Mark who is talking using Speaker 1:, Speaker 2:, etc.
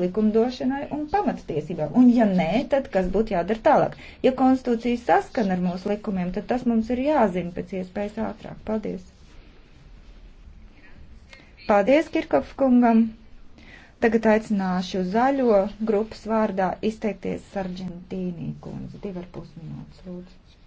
Speaker 1: likumdošanai un pamatstiesībām. Un ja nē, tad kas būtu jādara tālāk? Ja konstitūcija saskan ar mūsu likumiem, tad tas mums ir jāzina pēc iespējas ātrāk. Paldies! Paldies Kirkopf kungam! Tagad aicināšu zaļo grupas vārdā izteikties Sargentīnī kundzi. Divar pus minūtes,
Speaker 2: lūdzu.